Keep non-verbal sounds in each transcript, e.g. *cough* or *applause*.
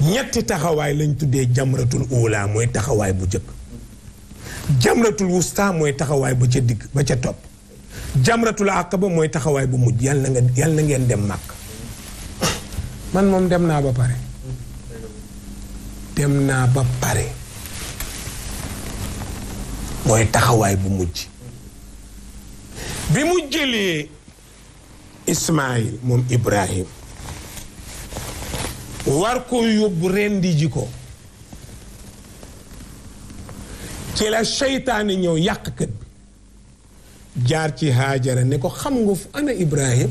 ñetti taxawaay lañ tuddee jamratul uulaa mooy taxawaay bu jëkk jamratul wusta mooy taxawaay bu ca digg ba ca topp jamratul àqaba mooy taxawaay bu mujj yàlla nga yàlla ngeen dem màkk man moom dem naa ba pare dem naa ba pare mooy taxawaay bu mujj bi mu jëlee Ismaayil moom Ibrahim war ko yóbbu rendi ji ko ci la seytaane ñëw yàqkat bi jaar ci Haajara ne ko xam nga fu ana Ibrahim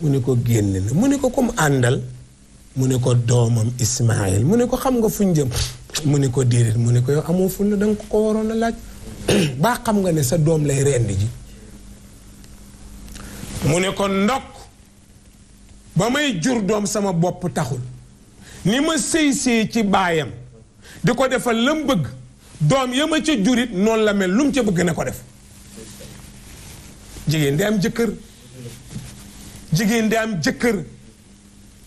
mu ne ko génne na mu ne ko comme àndal mu ne ko doomam Ismaayil mu ne ko xam nga fuñ jëm mu ne ko déedéet mu ne ko yow amoo ful la danga ko ko waroon a laaj *clears throat* baa xam nga ne sa doom lay rendi ji mu ne ko ndokk ba may jur doom sama bopp taxul ni ma sëy-sëy ci baayam di ko defal lam bëgg doom ya ca jurit noonu la mel lu mu ca bëgg na ko def jigéen di am jëkkër jigéen di am jëkkër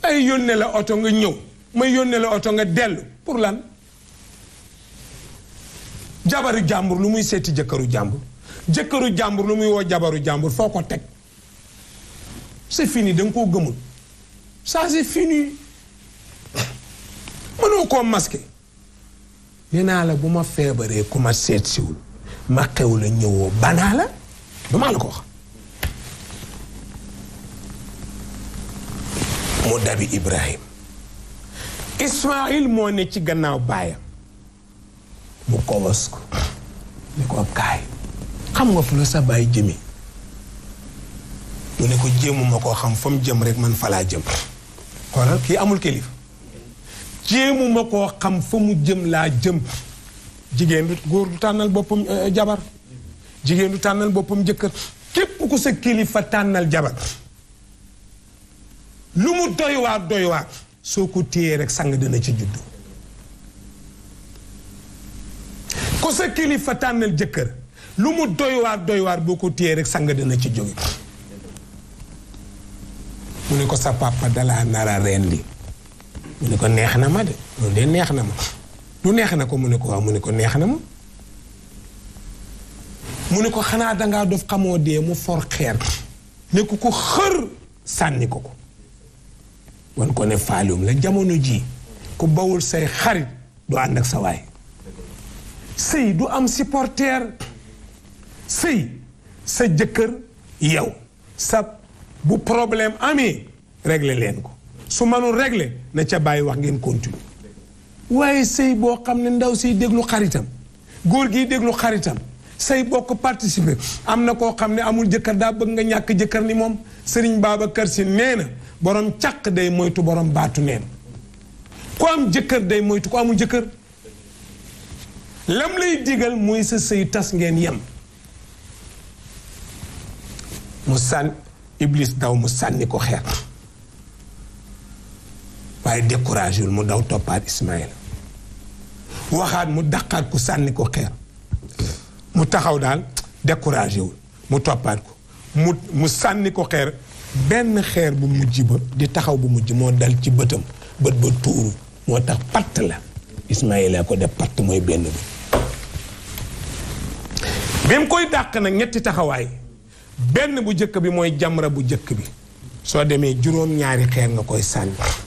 ay yónne la oto nga ñëw may yónne la oto nga dellu pour lan jabaru jàmbur lu muy seeti jëkkëru jàmbur jëkkëru jàmbur lu muy woo jabaru jàmbur foo ko teg c'est fini da koo gëmul ça c'est fini mënoo koo masqué nee naa la bu ma feebaree ku ma seet ma xew la ñëwoo banaa la du maa la ko wax mu dabi Ibrahim Ismaïl moo ne ci gannaaw baayam mu kobos ko ne ko kaay xam nga fu la sa baay jëmi mu ne ko jéemuma koo xam fa mu jëm rek man falaa jëm xoolal kii amul kilifa jéemu koo xam fa mu jëm laa jëm jigéen du góor du tànnal boppam euh, euh, jabar jigéen du tànnal boppam jëkkër képp ku sa kilifa tànnal jabar lu mu doy waar soo ko téyee rek sang tànnal jëkkër lu mu doy waar boo ko téyee rek sang dina ci jóge mu ne ko sa papa dalaa nara rendi mu ne ko neex na ma de loolu de neex na ma lu neex na ko mu ne ko waaw mu ne ko neex na ma mu ne ko xanaa dangaa dof xamoo dee mu for xeer ne ku ko xër sànni ko ko wan ko ne faalum la jamono jii ku bawul say xarit du ànd ak sa waay sëy du am supporter sëy sa jëkkër yow sa bu problème amee réglé leen ko su mënul régler na ca bàyyi wax ngeen continue waaye sëy boo xam ne ndaw siy déglu xaritam góor gi déglu xaritam say bokk participer am na koo xam ne amul jëkkër daa bëgg nga ñàkk jëkkër ni moom sëriñ kër Si nee na borom càq day moytu borom baatu neen ku am jëkkër day moytu ko amul jëkkër lam lay digal mooy sa sëy tas ngeen yam mu sànn iblis daw mu sànni ko xeer waaye découragé wul mu daw toppaat Ismaïl waxaat mu daqaat ko sànni ko xeer mu taxaw daal découragé wul mu toppaat ko mu mu sànni ko xeer benn xeer bu mujj ba di taxaw bu mujj moo dal ci bëtam bët ba tuuru moo tax patt la Ismaïla ko def patt mooy benn bi bi mu koy dàq na ñetti taxawaay benn bu jëkk bi mooy jamra bu jëkk bi soo demee juróom-ñaari xeer nga koy sànni